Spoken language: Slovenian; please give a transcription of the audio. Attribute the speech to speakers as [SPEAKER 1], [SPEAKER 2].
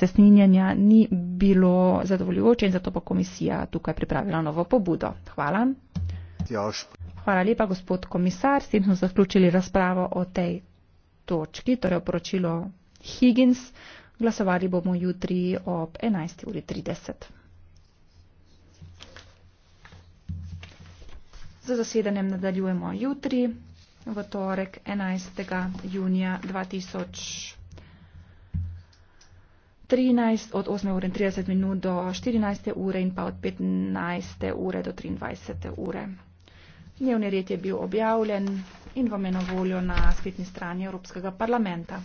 [SPEAKER 1] cestninjanja ni bilo zadovoljujoče in zato bo komisija tukaj pripravila novo pobudo. Hvala. Jož. Hvala lepa, gospod komisar. S tem smo zaključili razpravo o tej točki, torej o poročilu Higgins. Glasovali bomo jutri ob 11.30. Za zasedanjem nadaljujemo jutri, v torek 11. junija 2020. 13, od 8 ure in 30 minut do 14 ure in pa od 15 ure do 23 ure. Dnevni red je bil objavljen in vam je na voljo na spletni strani Evropskega parlamenta.